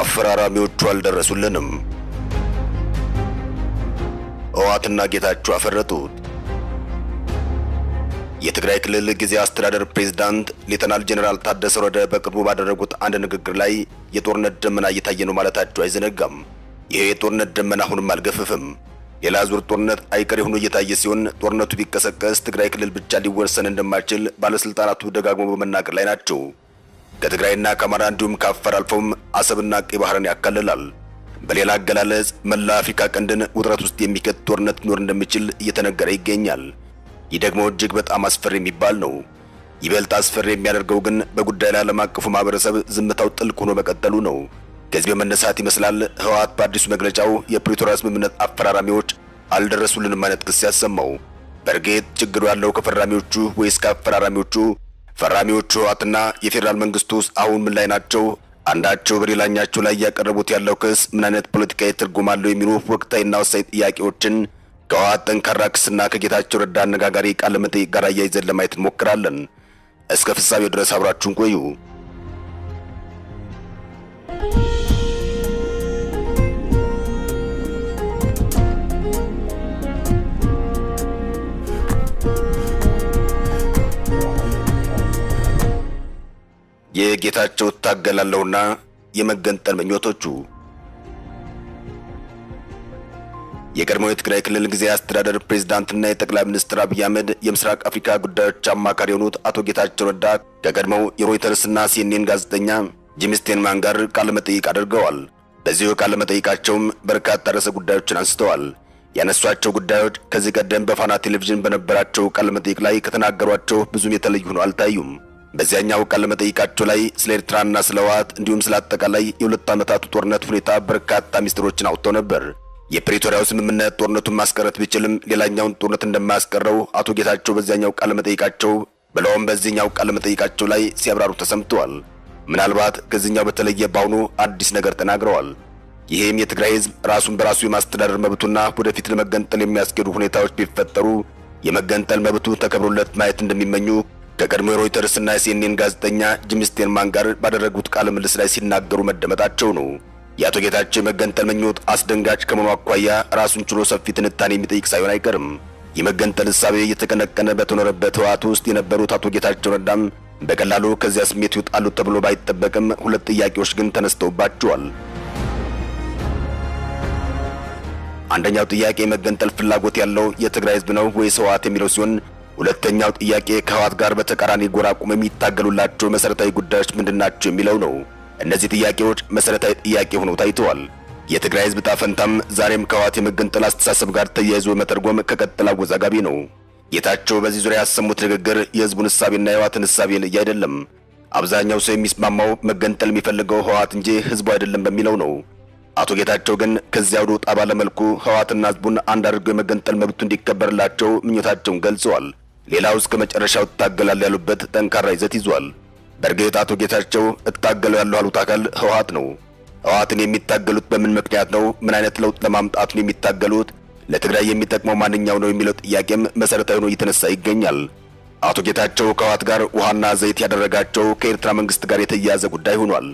አፈራራሚዎቹ አልደረሱልንም። ህወሓትና ጌታቸው አፈረጡት። የትግራይ ክልል ጊዜ አስተዳደር ፕሬዝዳንት ሌተናል ጄኔራል ታደሰ ወረደ በቅርቡ ባደረጉት አንድ ንግግር ላይ የጦርነት ደመና እየታየ ነው ማለታቸው አይዘነጋም። ይሄ የጦርነት ደመና አሁንም አልገፈፈም። ሌላ ዙር ጦርነት አይቀሬ ሆኖ እየታየ ሲሆን ጦርነቱ ቢቀሰቀስ ትግራይ ክልል ብቻ ሊወሰን እንደማይችል ባለስልጣናቱ ደጋግሞ በመናገር ላይ ናቸው። ከትግራይና ከአማራ እንዲሁም ከአፋር አልፎም አሰብና ቀይ ባህርን ያካልላል። በሌላ አገላለጽ መላ አፍሪካ ቀንድን ውጥረት ውስጥ የሚከት ጦርነት ሊኖር እንደሚችል እየተነገረ ይገኛል። ይህ ደግሞ እጅግ በጣም አስፈሪ የሚባል ነው። ይበልጥ አስፈሪ የሚያደርገው ግን በጉዳይ ላይ ዓለም አቀፉ ማህበረሰብ ዝምታው ጥልቅ ሆኖ መቀጠሉ ነው። ከዚህ በመነሳት ይመስላል ህወሓት በአዲሱ መግለጫው የፕሪቶሪያ ስምምነት አፈራራሚዎች አልደረሱልንም አይነት ክስ ያሰማው። በእርግጥ ችግሩ ያለው ከፈራሚዎቹ ወይስ ከአፈራራሚዎቹ ፈራሚዎቹ ህወሓትና የፌዴራል መንግስቱ ውስጥ አሁን ምን ላይ ናቸው? አንዳቸው በሌላኛቸው ላይ እያቀረቡት ያለው ክስ ምን አይነት ፖለቲካዊ ትርጉም አለው? የሚሉ ወቅታዊና ወሳኝ ጥያቄዎችን ከህወሓት ጠንካራ ክስና ከጌታቸው ረዳ አነጋጋሪ ቃለ መጠይቅ ጋር አያይዘን ለማየት እንሞክራለን። እስከ ፍጻሜው ድረስ አብራችሁን ቆዩ። የጌታቸው እታገላለሁና የመገንጠል ምኞቶቹ የቀድሞ የትግራይ ክልል ጊዜ አስተዳደር ፕሬዝዳንትና የጠቅላይ ሚኒስትር አብይ አህመድ የምስራቅ አፍሪካ ጉዳዮች አማካሪ የሆኑት አቶ ጌታቸው ረዳ ከቀድሞው የሮይተርስና ሲኤንኤን ጋዜጠኛ ጂም ስቴንማን ጋር ቃለ መጠይቅ አድርገዋል። በዚሁ ቃለ መጠይቃቸውም በርካታ ርዕሰ ጉዳዮችን አንስተዋል። ያነሷቸው ጉዳዮች ከዚህ ቀደም በፋና ቴሌቪዥን በነበራቸው ቃለ መጠይቅ ላይ ከተናገሯቸው ብዙም የተለዩ ሆነው አልታዩም። በዚያኛው ቃለ መጠይቃቸው ላይ ስለ ኤርትራና ስለ ህወሓት እንዲሁም ስለ አጠቃላይ የሁለት ዓመታቱ ጦርነት ሁኔታ በርካታ ሚስጥሮችን አውጥተው ነበር። የፕሪቶሪያው ስምምነት ጦርነቱን ማስቀረት ቢችልም ሌላኛውን ጦርነት እንደማያስቀረው አቶ ጌታቸው በዚያኛው ቃለ መጠይቃቸው ብለውም በዚህኛው ቃለ መጠይቃቸው ላይ ሲያብራሩ ተሰምተዋል። ምናልባት ከዚህኛው በተለየ በአሁኑ አዲስ ነገር ተናግረዋል። ይህም የትግራይ ህዝብ ራሱን በራሱ የማስተዳደር መብቱና ወደፊት ለመገንጠል የሚያስገዱ ሁኔታዎች ቢፈጠሩ የመገንጠል መብቱ ተከብሮለት ማየት እንደሚመኙ ከቀድሞ የሮይተርስና የሲኤንኤን ጋዜጠኛ ጂም ስቴንማን ጋር ባደረጉት ቃለ ምልልስ ላይ ሲናገሩ መደመጣቸው ነው። የአቶ ጌታቸው የመገንጠል ምኞት አስደንጋጭ ከመሆኑ አኳያ ራሱን ችሎ ሰፊ ትንታኔ የሚጠይቅ ሳይሆን አይቀርም። የመገንጠል እሳቤ እየተቀነቀነ በተኖረበት ህወሓት ውስጥ የነበሩት አቶ ጌታቸው ረዳም በቀላሉ ከዚያ ስሜት ይወጣሉ ተብሎ ባይጠበቅም ሁለት ጥያቄዎች ግን ተነስተውባቸዋል። አንደኛው ጥያቄ የመገንጠል ፍላጎት ያለው የትግራይ ህዝብ ነው ወይስ ህወሓት የሚለው ሲሆን ሁለተኛው ጥያቄ ከህወሓት ጋር በተቃራኒ ጎራ ቆመው የሚታገሉላቸው መሰረታዊ ጉዳዮች ምንድናቸው የሚለው ነው። እነዚህ ጥያቄዎች መሰረታዊ ጥያቄ ሆነው ታይተዋል። የትግራይ ህዝብ ጣፈንታም ዛሬም ከህወሓት የመገንጠል አስተሳሰብ ጋር ተያይዞ መጠርጎም ከቀጠለ አወዛጋቢ ነው። ጌታቸው በዚህ ዙሪያ ያሰሙት ንግግር የህዝቡን እሳቤና የህወሓትን እሳቤ ልይ አይደለም። አብዛኛው ሰው የሚስማማው መገንጠል የሚፈልገው ህወሓት እንጂ ህዝቡ አይደለም በሚለው ነው። አቶ ጌታቸው ግን ከዚያ ወደ ወጣ ባለመልኩ ህወሓትና ህዝቡን አንድ አድርገው የመገንጠል መብቱ እንዲከበርላቸው ምኞታቸውን ገልጸዋል። ሌላው እስከ መጨረሻው እታገላለሁ ያሉበት ጠንካራ ይዘት ይዟል። በእርግጥ አቶ ጌታቸው እታገለው ያለው አሉት አካል ህወሓት ነው። ህወሓትን የሚታገሉት በምን ምክንያት ነው? ምን አይነት ለውጥ ለማምጣቱን የሚታገሉት ለትግራይ የሚጠቅመው ማንኛው ነው የሚለው ጥያቄም መሰረታዊ ሆኖ እየተነሳ ይገኛል። አቶ ጌታቸው ከህወሓት ጋር ውሃና ዘይት ያደረጋቸው ከኤርትራ መንግስት ጋር የተያያዘ ጉዳይ ሆኗል።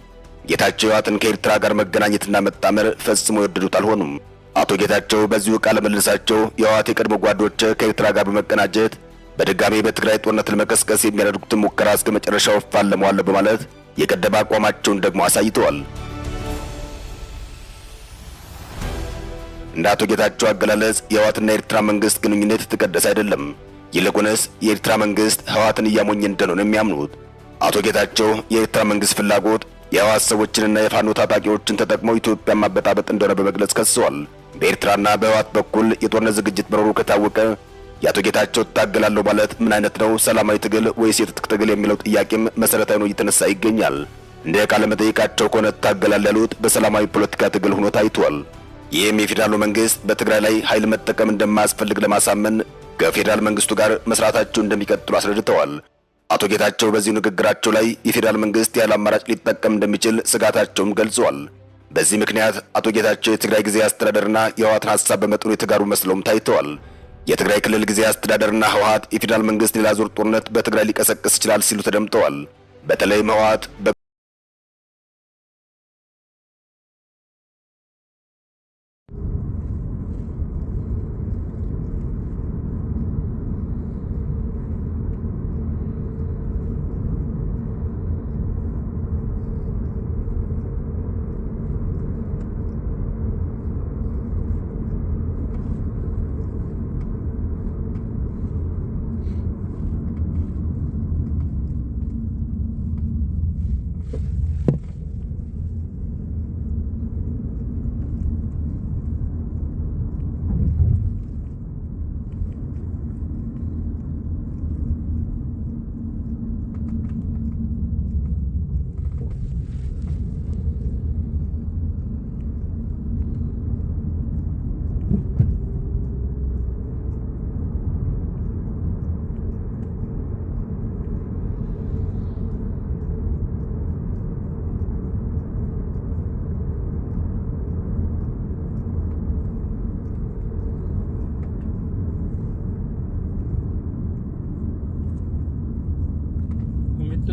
ጌታቸው ህወሓትን ከኤርትራ ጋር መገናኘትና መጣመር ፈጽሞ የወደዱት አልሆኑም። አቶ ጌታቸው በዚሁ ቃለ ምልልሳቸው የህወሓት የቀድሞ ጓዶች ከኤርትራ ጋር በመቀናጀት በድጋሚ በትግራይ ጦርነት ለመቀስቀስ የሚያደርጉትን ሙከራ እስከ መጨረሻው እፋለመዋለሁ በማለት የቀደመ አቋማቸውን ደግሞ አሳይተዋል። እንደ አቶ ጌታቸው አገላለጽ የህወሓትና የኤርትራ መንግስት ግንኙነት የተቀደሰ አይደለም። ይልቁንስ የኤርትራ መንግስት ህወሓትን እያሞኘ እንደሆነ የሚያምኑት አቶ ጌታቸው የኤርትራ መንግስት ፍላጎት የህወሓት ሰዎችንና የፋኖ ታጣቂዎችን ተጠቅመው ኢትዮጵያን ማበጣበጥ እንደሆነ በመግለጽ ከሰዋል። በኤርትራና በህወሓት በኩል የጦርነት ዝግጅት መኖሩ ከታወቀ የአቶ ጌታቸው እታገላለሁ ማለት ምን አይነት ነው? ሰላማዊ ትግል ወይስ የትጥቅ ትግል የሚለው ጥያቄም መሰረታዊ ነው እየተነሳ ይገኛል። እንደ ቃለ መጠይቃቸው ከሆነ እታገላለሁ ያሉት በሰላማዊ ፖለቲካ ትግል ሆኖ ታይቷል። ይህም የፌዴራሉ መንግስት በትግራይ ላይ ኃይል መጠቀም እንደማያስፈልግ ለማሳመን ከፌዴራል መንግስቱ ጋር መስራታቸው እንደሚቀጥሉ አስረድተዋል። አቶ ጌታቸው በዚህ ንግግራቸው ላይ የፌዴራል መንግስት ያለ አማራጭ ሊጠቀም እንደሚችል ስጋታቸውም ገልጸዋል። በዚህ ምክንያት አቶ ጌታቸው የትግራይ ጊዜያዊ አስተዳደርና የህወሓትን ሀሳብ በመጠኑ የተጋሩ መስለውም ታይተዋል። የትግራይ ክልል ጊዜ አስተዳደርና ህወሓት የፌዴራል መንግስት ሌላ ዙር ጦርነት በትግራይ ሊቀሰቅስ ይችላል ሲሉ ተደምጠዋል። በተለይም ህወሓት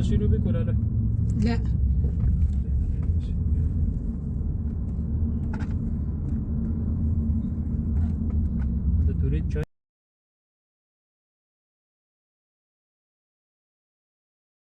سلوبك ولا لا؟ لا